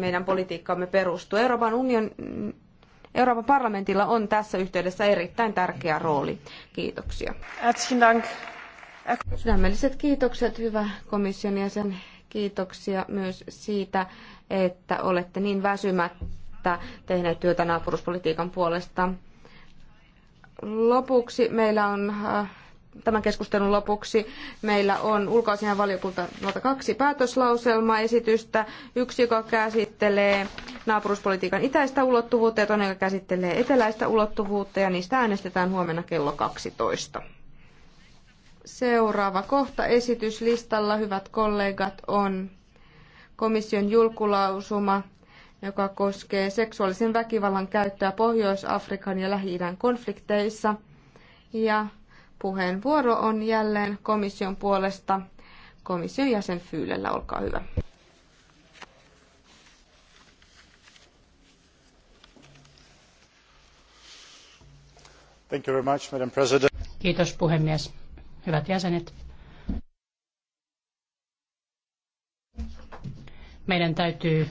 meidän politiikkaamme perustuu. Euroopan union, Euroopan parlamentilla on tässä yhteydessä erittäin tärkeä rooli. Kiitoksia. Sydämelliset kiitokset, hyvä komission jäsen. Kiitoksia myös siitä, että olette niin väsymättä tehneet työtä naapuruspolitiikan puolesta. Lopuksi meillä on äh, tämän keskustelun lopuksi meillä on ulkoasianvaliokunnalta kaksi päätöslauselmaesitystä. Yksi, joka käsittelee naapuruspolitiikan itäistä ulottuvuutta ja toinen, joka käsittelee eteläistä ulottuvuutta ja niistä äänestetään huomenna kello 12. Seuraava kohta esityslistalla, hyvät kollegat, on komission julkulausuma joka koskee seksuaalisen väkivallan käyttöä Pohjois-Afrikan ja Lähi-idän konflikteissa. Ja puheenvuoro on jälleen komission puolesta. Komission jäsen Fyylellä, olkaa hyvä. Thank you very much, Madam President. Kiitos puhemies. Hyvät jäsenet. Meidän täytyy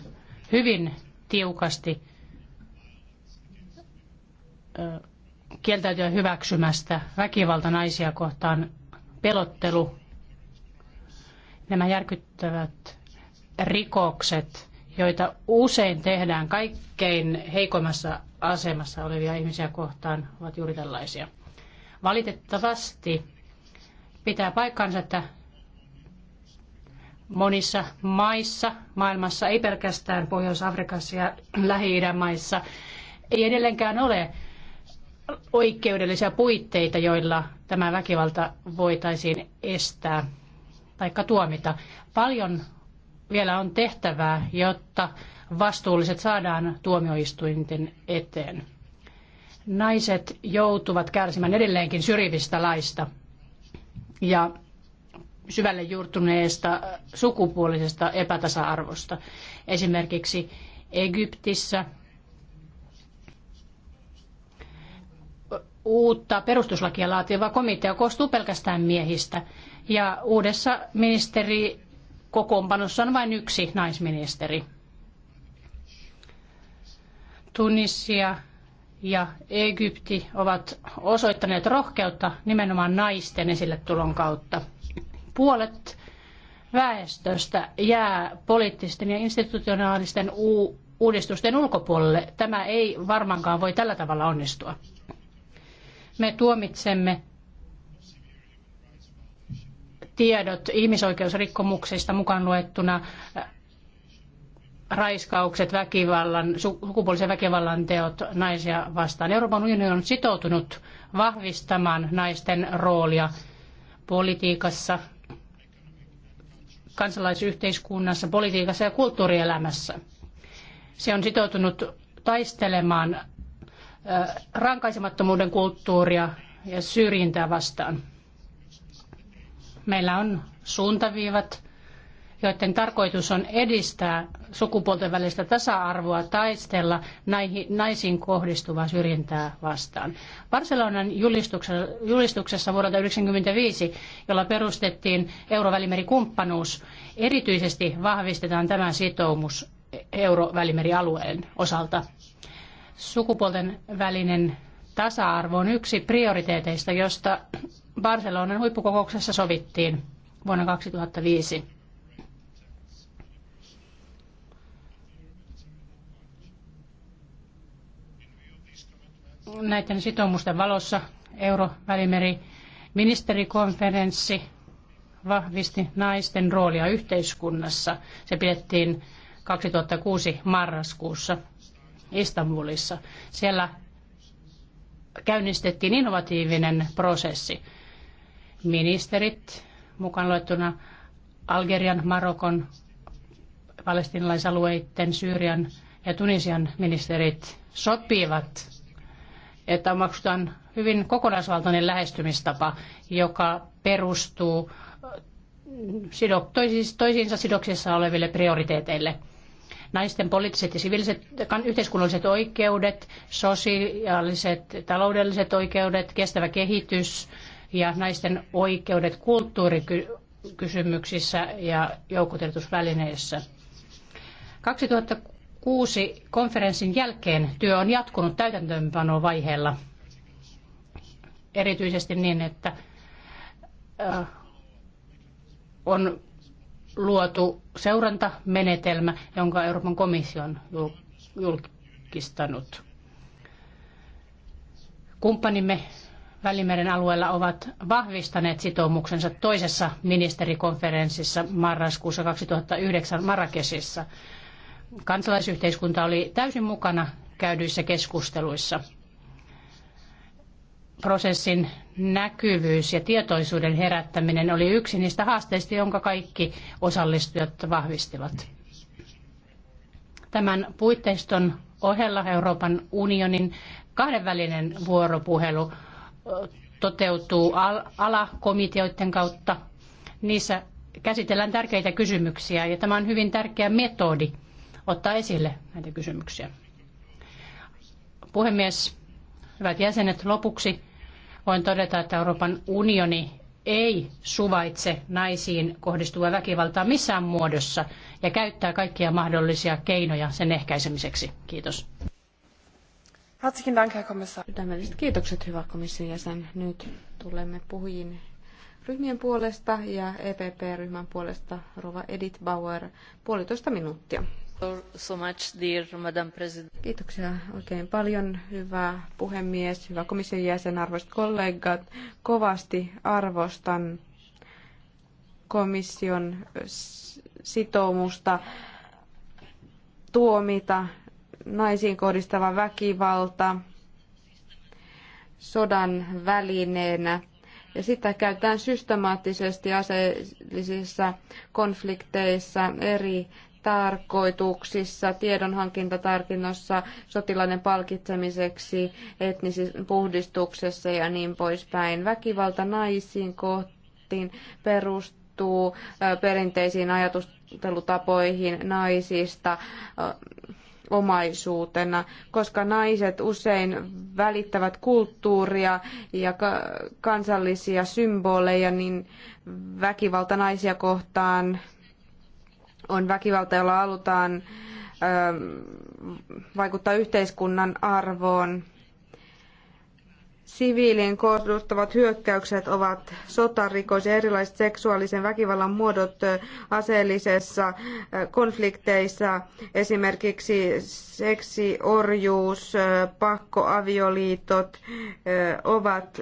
hyvin tiukasti kieltäytyä hyväksymästä väkivalta naisia kohtaan, pelottelu, nämä järkyttävät rikokset, joita usein tehdään kaikkein heikoimmassa asemassa olevia ihmisiä kohtaan, ovat juuri tällaisia. Valitettavasti pitää paikkansa, että monissa maissa maailmassa, ei pelkästään Pohjois-Afrikassa ja Lähi-idän maissa, ei edelleenkään ole oikeudellisia puitteita, joilla tämä väkivalta voitaisiin estää tai tuomita. Paljon vielä on tehtävää, jotta vastuulliset saadaan tuomioistuinten eteen. Naiset joutuvat kärsimään edelleenkin syrjivistä laista ja syvälle juurtuneesta sukupuolisesta epätasa-arvosta. Esimerkiksi Egyptissä uutta perustuslakia laativa komitea koostuu pelkästään miehistä. Ja uudessa ministeri on vain yksi naisministeri. Tunisia ja Egypti ovat osoittaneet rohkeutta nimenomaan naisten esille tulon kautta. Puolet väestöstä jää poliittisten ja institutionaalisten uudistusten ulkopuolelle. Tämä ei varmaankaan voi tällä tavalla onnistua. Me tuomitsemme tiedot ihmisoikeusrikkomuksista mukaan luettuna äh, raiskaukset, väkivallan, sukupuolisen väkivallan teot naisia vastaan. Euroopan unioni on sitoutunut vahvistamaan naisten roolia politiikassa, kansalaisyhteiskunnassa, politiikassa ja kulttuurielämässä. Se on sitoutunut taistelemaan rankaisemattomuuden kulttuuria ja syrjintää vastaan. Meillä on suuntaviivat, joiden tarkoitus on edistää sukupuolten välistä tasa-arvoa, taistella näihin, naisiin kohdistuvaa syrjintää vastaan. Barcelonan julistuksessa, julistuksessa vuodelta 1995, jolla perustettiin Eurovälimeri-kumppanuus, erityisesti vahvistetaan tämä sitoumus Eurovälimerialueen osalta. Sukupuolten välinen tasa-arvo on yksi prioriteeteista, josta Barcelonan huippukokouksessa sovittiin vuonna 2005. Näiden sitoumusten valossa Euro-välimeri ministerikonferenssi vahvisti naisten roolia yhteiskunnassa. Se pidettiin 2006 marraskuussa Istanbulissa. Siellä käynnistettiin innovatiivinen prosessi. Ministerit, mukaan luettuna Algerian, Marokon, palestinalaisalueiden, Syyrian ja Tunisian ministerit sopivat, että omaksutaan hyvin kokonaisvaltainen lähestymistapa, joka perustuu sidok, toisiinsa sidoksissa oleville prioriteeteille – naisten poliittiset ja siviiliset yhteiskunnalliset oikeudet, sosiaaliset taloudelliset oikeudet, kestävä kehitys ja naisten oikeudet kulttuurikysymyksissä ja joukkotiedotusvälineissä. 2006 konferenssin jälkeen työ on jatkunut täytäntöönpanovaiheella erityisesti niin, että äh, on luotu seurantamenetelmä, jonka Euroopan komissio on julkistanut. Kumppanimme Välimeren alueella ovat vahvistaneet sitoumuksensa toisessa ministerikonferenssissa marraskuussa 2009 Marrakesissa. Kansalaisyhteiskunta oli täysin mukana käydyissä keskusteluissa prosessin näkyvyys ja tietoisuuden herättäminen oli yksi niistä haasteista, jonka kaikki osallistujat vahvistivat. Tämän puitteiston ohella Euroopan unionin kahdenvälinen vuoropuhelu toteutuu alakomiteoiden kautta. Niissä käsitellään tärkeitä kysymyksiä ja tämä on hyvin tärkeä metodi ottaa esille näitä kysymyksiä. Puhemies, hyvät jäsenet, lopuksi voin todeta, että Euroopan unioni ei suvaitse naisiin kohdistuvaa väkivaltaa missään muodossa ja käyttää kaikkia mahdollisia keinoja sen ehkäisemiseksi. Kiitos. Herzlichen Dank, Herr Kommissar. Sydämelliset kiitokset, hyvä komission jäsen. Nyt tulemme puhujiin ryhmien puolesta ja EPP-ryhmän puolesta Rova Edith Bauer puolitoista minuuttia. Kiitoksia oikein paljon, hyvä puhemies, hyvä komission jäsen, arvoisat kollegat. Kovasti arvostan komission sitoumusta tuomita naisiin kohdistava väkivalta sodan välineenä. Ja sitä käytetään systemaattisesti aseellisissa konflikteissa eri tarkoituksissa, tiedonhankintatarkinnossa, sotilainen palkitsemiseksi, etnisessä puhdistuksessa ja niin poispäin. Väkivalta naisiin kohtiin perustuu perinteisiin ajatustelutapoihin naisista omaisuutena, koska naiset usein välittävät kulttuuria ja kansallisia symboleja, niin väkivalta naisia kohtaan on väkivalta, jolla halutaan vaikuttaa yhteiskunnan arvoon. Siviilien kohdistuvat hyökkäykset ovat sotarikos ja erilaiset seksuaalisen väkivallan muodot aseellisessa konflikteissa, esimerkiksi seksiorjuus, pakkoavioliitot ovat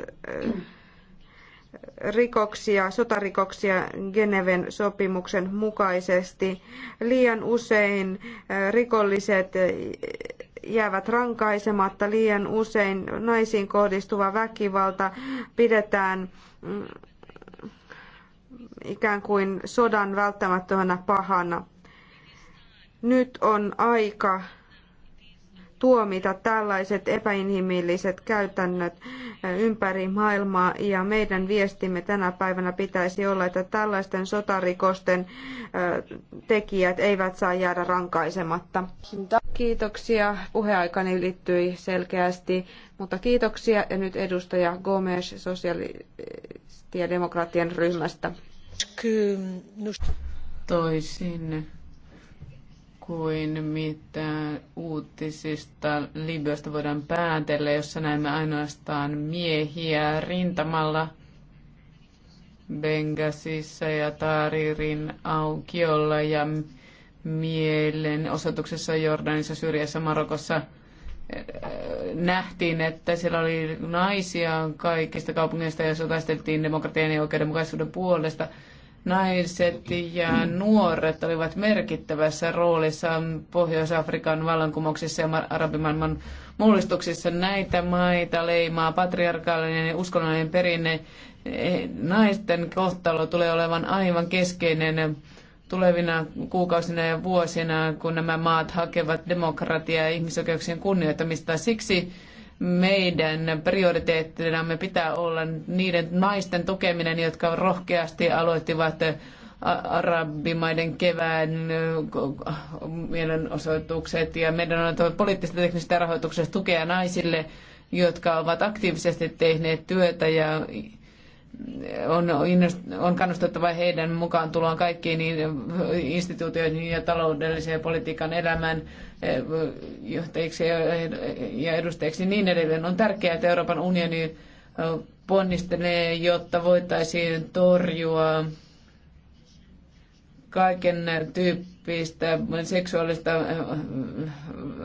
rikoksia, sotarikoksia Geneven sopimuksen mukaisesti. Liian usein äh, rikolliset äh, jäävät rankaisematta, liian usein naisiin kohdistuva väkivalta pidetään mm, ikään kuin sodan välttämättömänä pahana. Nyt on aika tuomita tällaiset epäinhimilliset käytännöt eh, ympäri maailmaa ja meidän viestimme tänä päivänä pitäisi olla, että tällaisten sotarikosten eh, tekijät eivät saa jäädä rankaisematta. Kiitoksia. Puheaikani ylittyi selkeästi, mutta kiitoksia. Ja nyt edustaja Gomes ja demokraattien ryhmästä. No- Toisin kuin mitä uutisista Libyasta voidaan päätellä, jossa näemme ainoastaan miehiä rintamalla Bengasissa ja Taririn aukiolla ja mielenosoituksessa Jordanissa, Syyriassa, Marokossa nähtiin, että siellä oli naisia kaikista kaupungeista ja taisteltiin demokratian ja oikeudenmukaisuuden puolesta – naiset ja nuoret olivat merkittävässä roolissa Pohjois-Afrikan vallankumouksissa ja arabimaailman mullistuksissa. Näitä maita leimaa patriarkaalinen ja uskonnollinen perinne. Eh, naisten kohtalo tulee olevan aivan keskeinen tulevina kuukausina ja vuosina, kun nämä maat hakevat demokratiaa ja ihmisoikeuksien kunnioittamista. Siksi meidän prioriteettinamme pitää olla niiden naisten tukeminen, jotka rohkeasti aloittivat arabimaiden kevään mielenosoitukset ja meidän on annettava poliittista teknistä rahoituksesta tukea naisille, jotka ovat aktiivisesti tehneet työtä ja on, on kannustettava heidän mukaan tuloa kaikkiin niin instituutioihin ja taloudelliseen politiikan elämään johtajiksi ja edustajiksi ja niin edelleen. On tärkeää, että Euroopan unioni ponnistelee, jotta voitaisiin torjua kaiken tyyppistä seksuaalista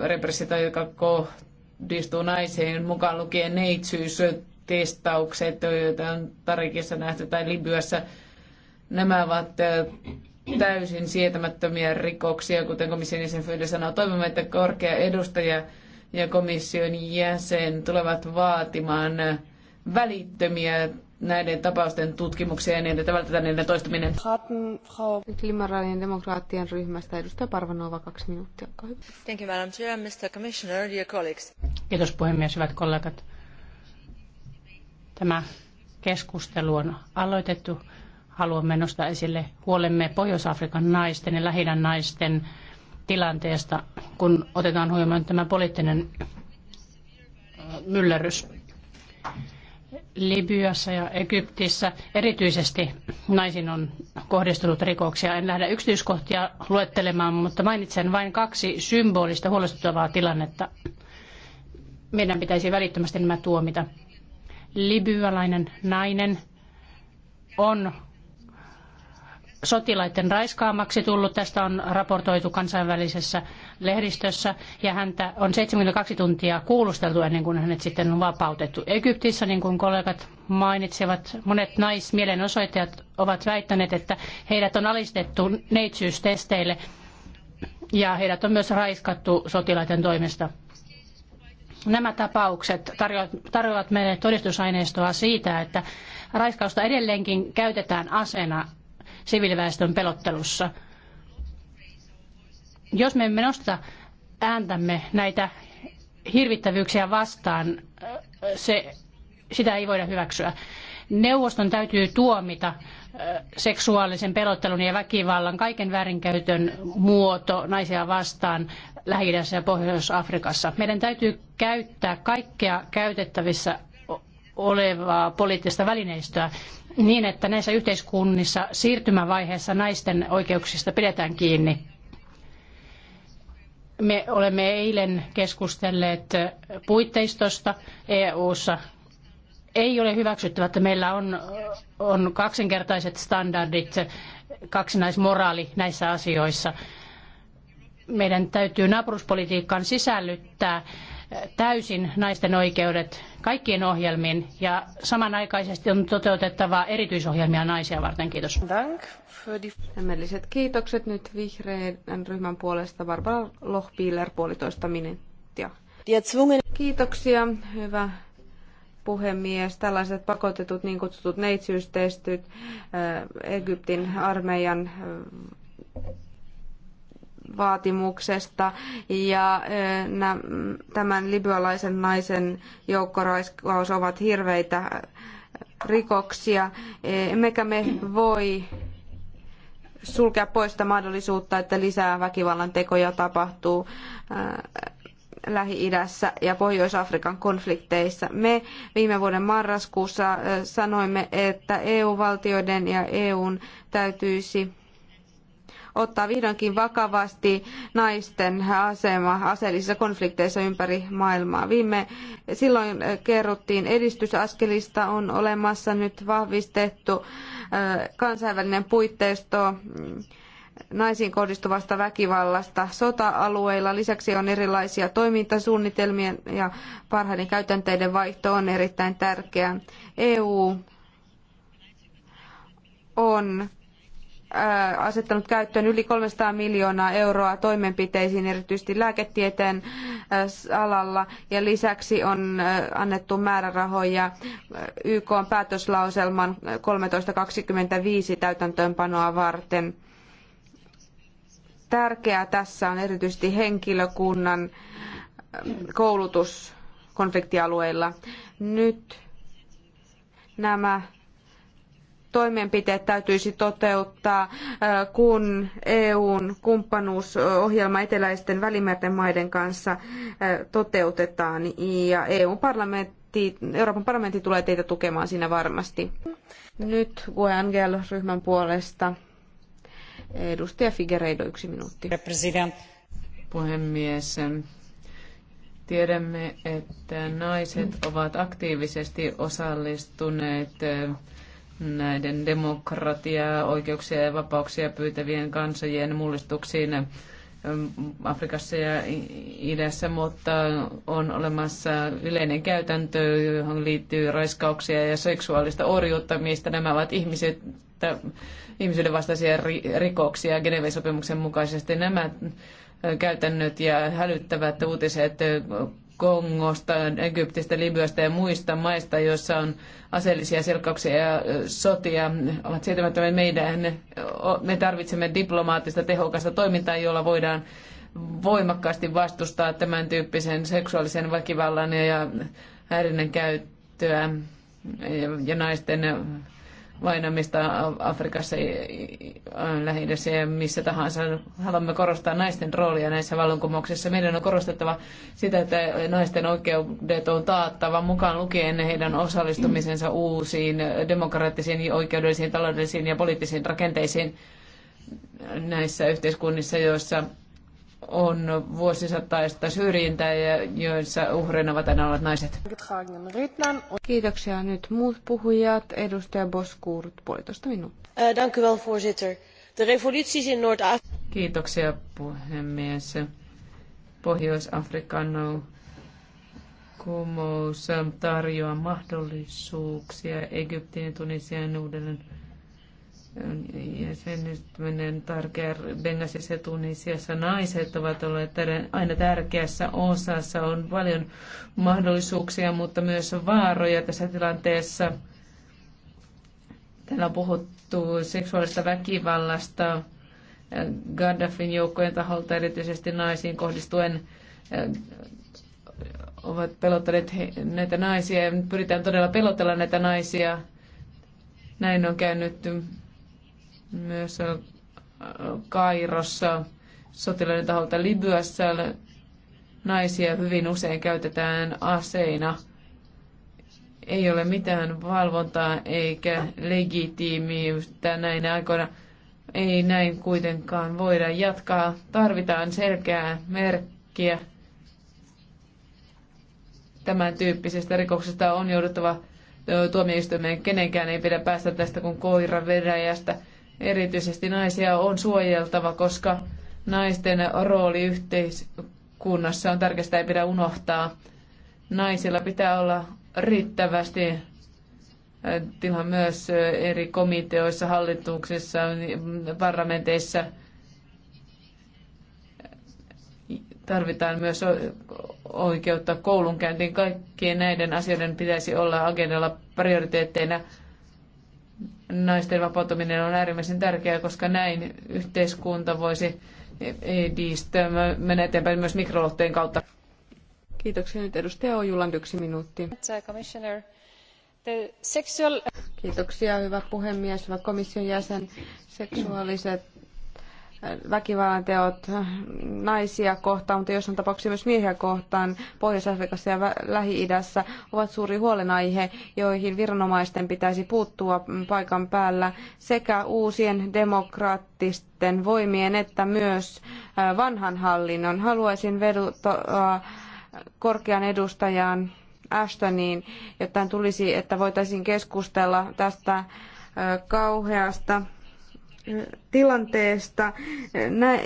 repressiota, joka kohdistuu naiseen, mukaan lukien neitsyystestaukset, joita on Tarikissa nähty tai Libyassa. Nämä ovat täysin sietämättömiä rikoksia, kuten komission jäsen Fyde sanoo. Toivomme, että korkea edustaja ja komission jäsen tulevat vaatimaan välittömiä näiden tapausten tutkimukseen ja niin, että vältetään niiden toistuminen. liberaalien demokraattien ryhmästä edustaja Parvanova, kaksi minuuttia. Thank you, Madam Chair, Mr. Commissioner, dear colleagues. Kiitos puhemies, hyvät kollegat. Tämä keskustelu on aloitettu haluamme nostaa esille huolemme Pohjois-Afrikan naisten ja lähi naisten tilanteesta, kun otetaan huomioon tämä poliittinen äh, myllerrys. Libyassa ja Egyptissä erityisesti naisiin on kohdistunut rikoksia. En lähde yksityiskohtia luettelemaan, mutta mainitsen vain kaksi symbolista huolestuttavaa tilannetta. Meidän pitäisi välittömästi nämä tuomita. Libyalainen nainen on sotilaiden raiskaamaksi tullut. Tästä on raportoitu kansainvälisessä lehdistössä ja häntä on 72 tuntia kuulusteltu ennen kuin hänet sitten on vapautettu. Egyptissä, niin kuin kollegat mainitsivat, monet naismielenosoittajat ovat väittäneet, että heidät on alistettu neitsyystesteille ja heidät on myös raiskattu sotilaiden toimesta. Nämä tapaukset tarjoavat meille todistusaineistoa siitä, että raiskausta edelleenkin käytetään aseena siviiliväestön pelottelussa. Jos me emme nosta ääntämme näitä hirvittävyyksiä vastaan, se, sitä ei voida hyväksyä. Neuvoston täytyy tuomita seksuaalisen pelottelun ja väkivallan, kaiken väärinkäytön muoto naisia vastaan lähi ja Pohjois-Afrikassa. Meidän täytyy käyttää kaikkea käytettävissä olevaa poliittista välineistöä, niin, että näissä yhteiskunnissa siirtymävaiheessa naisten oikeuksista pidetään kiinni. Me olemme eilen keskustelleet puitteistosta EU:ssa. Ei ole hyväksyttävä, että meillä on, on kaksinkertaiset standardit, kaksinaismoraali näissä asioissa. Meidän täytyy naapuruspolitiikkaan sisällyttää täysin naisten oikeudet kaikkiin ohjelmiin ja samanaikaisesti on toteutettava erityisohjelmia naisia varten. Kiitos. Hämmelliset kiitokset nyt vihreän ryhmän puolesta. Barbara Lohpiiler puolitoista minuuttia. Kiitoksia, hyvä puhemies. Tällaiset pakotetut niin kutsutut neitsyystestit äh, Egyptin armeijan äh, vaatimuksesta ja tämän libyalaisen naisen joukkoraiskaus ovat hirveitä rikoksia. Emmekä me voi sulkea pois sitä mahdollisuutta, että lisää väkivallan tekoja tapahtuu Lähi-idässä ja Pohjois-Afrikan konflikteissa. Me viime vuoden marraskuussa sanoimme, että EU-valtioiden ja EUn täytyisi ottaa vihdoinkin vakavasti naisten asema aseellisissa konflikteissa ympäri maailmaa. Viime silloin kerrottiin edistysaskelista on olemassa nyt vahvistettu kansainvälinen puitteisto mm, naisiin kohdistuvasta väkivallasta sota-alueilla. Lisäksi on erilaisia toimintasuunnitelmia ja parhaiden käytänteiden vaihto on erittäin tärkeää. EU on Äh, asettanut käyttöön yli 300 miljoonaa euroa toimenpiteisiin, erityisesti lääketieteen äh, alalla, ja lisäksi on äh, annettu määrärahoja YK päätöslauselman 1325 täytäntöönpanoa varten. Tärkeää tässä on erityisesti henkilökunnan koulutus konfliktialueilla. Nyt nämä toimenpiteet täytyisi toteuttaa, äh, kun EUn kumppanuusohjelma eteläisten välimerten maiden kanssa äh, toteutetaan ja EUn parlamentti Euroopan parlamentti tulee teitä tukemaan siinä varmasti. Nyt Gue Angel ryhmän puolesta. Edustaja Figueiredo, yksi minuutti. Puhemies, tiedämme, että naiset ovat aktiivisesti osallistuneet näiden demokratiaa, oikeuksia ja vapauksia pyytävien kansojen mullistuksiin ähm, Afrikassa ja idässä, mutta on olemassa yleinen käytäntö, johon liittyy raiskauksia ja seksuaalista mistä Nämä ovat ihmiset, ihmisyyden vastaisia rikoksia Geneven sopimuksen mukaisesti. Nämä äh, käytännöt ja hälyttävät uutiset äh, Kongosta, Egyptistä, Libyasta ja muista maista, joissa on aseellisia selkkauksia ja sotia, ovat sietämättömiä meidän. Me tarvitsemme diplomaattista tehokasta toimintaa, jolla voidaan voimakkaasti vastustaa tämän tyyppisen seksuaalisen väkivallan ja häirinnän käyttöä ja naisten vainamista Afrikassa, lähi ja missä tahansa. Haluamme korostaa naisten roolia näissä vallankumouksissa. Meidän on korostettava sitä, että naisten oikeudet on taattava mukaan lukien heidän osallistumisensa uusiin demokraattisiin, oikeudellisiin, taloudellisiin ja poliittisiin rakenteisiin näissä yhteiskunnissa, joissa on vuosisataista syrjintää, ja joissa uhreina ovat aina olleet naiset. Kiitoksia nyt muut puhujat. Edustaja Boskurt, puolitoista minuuttia. Eh, dank u wel, voorzitter. De revoluties in noord Kiitoksia, puhemies. Pohjois-Afrikan kumous tarjoaa mahdollisuuksia Egyptin ja Tunisian uudelleen ja sen tärkeä Bengasissa ja Tunisiassa naiset ovat olleet aina tärkeässä osassa. On paljon mahdollisuuksia, mutta myös vaaroja tässä tilanteessa. Täällä on puhuttu seksuaalista väkivallasta Gaddafin joukkojen taholta, erityisesti naisiin kohdistuen ovat pelottaneet näitä naisia ja pyritään todella pelotella näitä naisia. Näin on käynyt myös äh, Kairossa sotilaiden taholta Libyassa naisia hyvin usein käytetään aseina. Ei ole mitään valvontaa eikä legitiimiyttä näinä aikoina. Ei näin kuitenkaan voida jatkaa. Tarvitaan selkeää merkkiä. Tämän tyyppisestä rikoksesta on jouduttava tuomioistuimeen. Kenenkään ei pidä päästä tästä kuin koiran veräjästä erityisesti naisia on suojeltava, koska naisten rooli yhteiskunnassa on tärkeää, sitä ei pidä unohtaa. Naisilla pitää olla riittävästi tila myös eri komiteoissa, hallituksissa, parlamenteissa. Tarvitaan myös oikeutta koulunkäyntiin. Kaikkien näiden asioiden pitäisi olla agendalla prioriteetteina naisten vapautuminen on äärimmäisen tärkeää, koska näin yhteiskunta voisi edistää, mennä eteenpäin myös mikrolohteen kautta. Kiitoksia. Nyt edustaja Ojulan yksi minuutti. Kiitoksia, hyvä puhemies, hyvä komission jäsen. Seksuaaliset väkivallan teot naisia kohtaan, mutta jossain tapauksessa myös miehiä kohtaan Pohjois-Afrikassa ja Lähi-idässä ovat suuri huolenaihe, joihin viranomaisten pitäisi puuttua paikan päällä sekä uusien demokraattisten voimien että myös vanhan hallinnon. Haluaisin vedota korkean edustajan Ashtoniin, jotta hän tulisi, että voitaisiin keskustella tästä kauheasta tilanteesta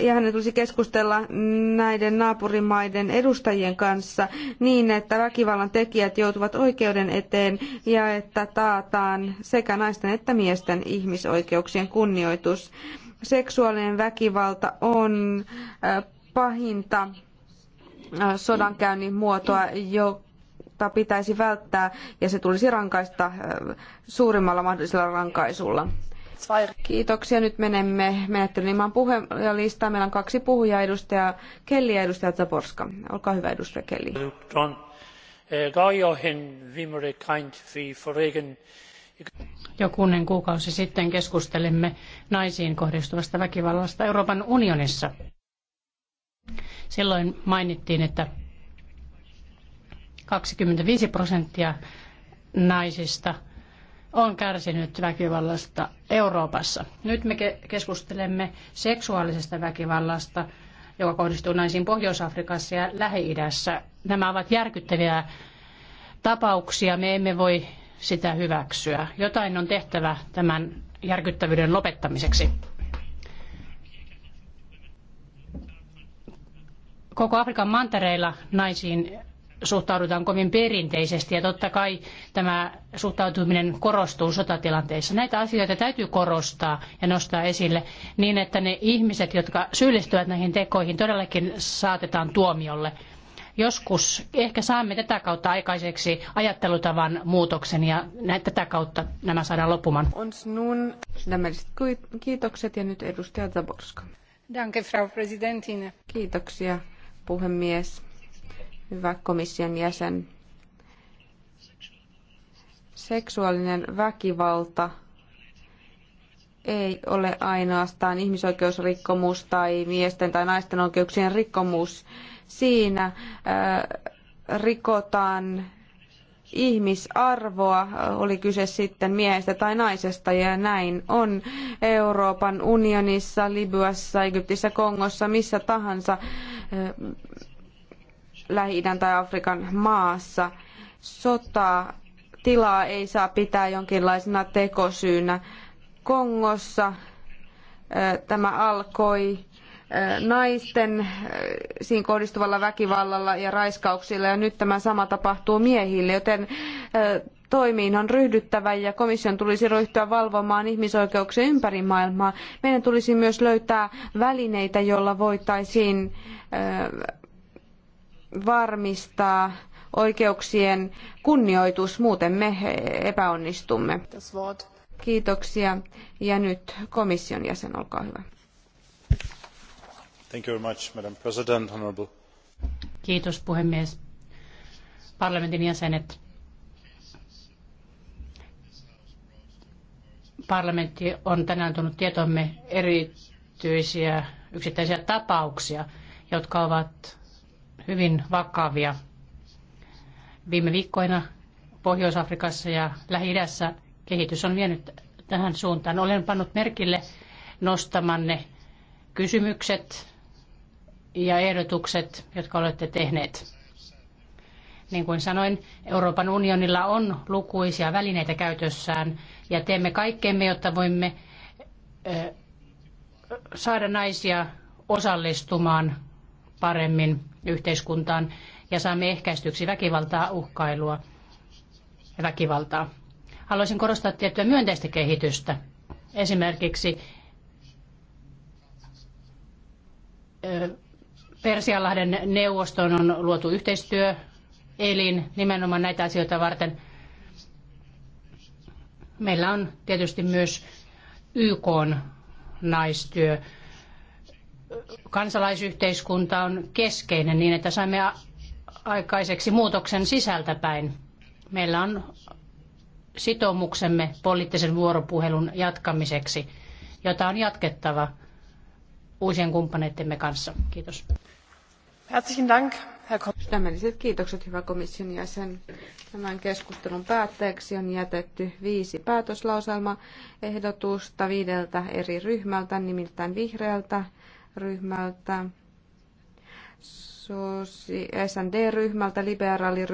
ja hänen tulisi keskustella näiden naapurimaiden edustajien kanssa niin, että väkivallan tekijät joutuvat oikeuden eteen ja että taataan sekä naisten että miesten ihmisoikeuksien kunnioitus. Seksuaalinen väkivalta on pahinta sodankäynnin muotoa, jota pitäisi välttää ja se tulisi rankaista suurimmalla mahdollisella rankaisulla. Kiitoksia. Nyt menemme menettelyn ilman puhujalistaa. Meillä on kaksi puhujaa, edustaja Kelly ja edustaja Zaborska. Olkaa hyvä, edustaja Kelly. Jokunen kuukausi sitten keskustelimme naisiin kohdistuvasta väkivallasta Euroopan unionissa. Silloin mainittiin, että 25 prosenttia naisista – on kärsinyt väkivallasta Euroopassa. Nyt me keskustelemme seksuaalisesta väkivallasta, joka kohdistuu naisiin Pohjois-Afrikassa ja Lähi-idässä. Nämä ovat järkyttäviä tapauksia. Me emme voi sitä hyväksyä. Jotain on tehtävä tämän järkyttävyyden lopettamiseksi. Koko Afrikan mantereilla naisiin suhtaudutaan kovin perinteisesti ja totta kai tämä suhtautuminen korostuu sotatilanteissa. Näitä asioita täytyy korostaa ja nostaa esille niin, että ne ihmiset, jotka syyllistyvät näihin tekoihin, todellakin saatetaan tuomiolle. Joskus ehkä saamme tätä kautta aikaiseksi ajattelutavan muutoksen ja tätä kautta nämä saadaan loppumaan. Kiitokset ja nyt edustaja Zaborska. Danke, Frau Präsidentin. Kiitoksia, puhemies hyvä komission jäsen. Seksuaalinen väkivalta ei ole ainoastaan ihmisoikeusrikkomus tai miesten tai naisten oikeuksien rikkomus. Siinä äh, rikotaan ihmisarvoa, oli kyse sitten miehestä tai naisesta, ja näin on Euroopan unionissa, Libyassa, Egyptissä, Kongossa, missä tahansa äh, lähi tai Afrikan maassa. Sota tilaa ei saa pitää jonkinlaisena tekosyynä. Kongossa tämä alkoi naisten siinä kohdistuvalla väkivallalla ja raiskauksilla ja nyt tämä sama tapahtuu miehille, joten toimiin on ryhdyttävä ja komission tulisi ryhtyä valvomaan ihmisoikeuksia ympäri maailmaa. Meidän tulisi myös löytää välineitä, joilla voitaisiin varmistaa oikeuksien kunnioitus, muuten me epäonnistumme. Kiitoksia. Ja nyt komission jäsen, olkaa hyvä. Thank you very much, Madam President, Honorable. Kiitos puhemies. Parlamentin jäsenet. Parlamentti on tänään tullut tietomme erityisiä yksittäisiä tapauksia, jotka ovat hyvin vakavia. Viime viikkoina Pohjois-Afrikassa ja Lähi-idässä kehitys on vienyt tähän suuntaan. Olen pannut merkille nostamanne kysymykset ja ehdotukset, jotka olette tehneet. Niin kuin sanoin, Euroopan unionilla on lukuisia välineitä käytössään ja teemme kaikkemme, jotta voimme saada naisia osallistumaan paremmin yhteiskuntaan ja saamme ehkäistyksi väkivaltaa, uhkailua ja väkivaltaa. Haluaisin korostaa tiettyä myönteistä kehitystä. Esimerkiksi Persianlahden neuvoston on luotu elin nimenomaan näitä asioita varten. Meillä on tietysti myös YK naistyö kansalaisyhteiskunta on keskeinen niin, että saimme aikaiseksi muutoksen sisältäpäin. Meillä on sitoumuksemme poliittisen vuoropuhelun jatkamiseksi, jota on jatkettava uusien kumppaneittemme kanssa. Kiitos. Herzlichen kiitokset, hyvä komission jäsen. Tämän keskustelun päätteeksi on jätetty viisi päätöslauselmaehdotusta viideltä eri ryhmältä, nimittäin vihreältä, ryhmältä, SND-ryhmältä, liberaaliryhmältä,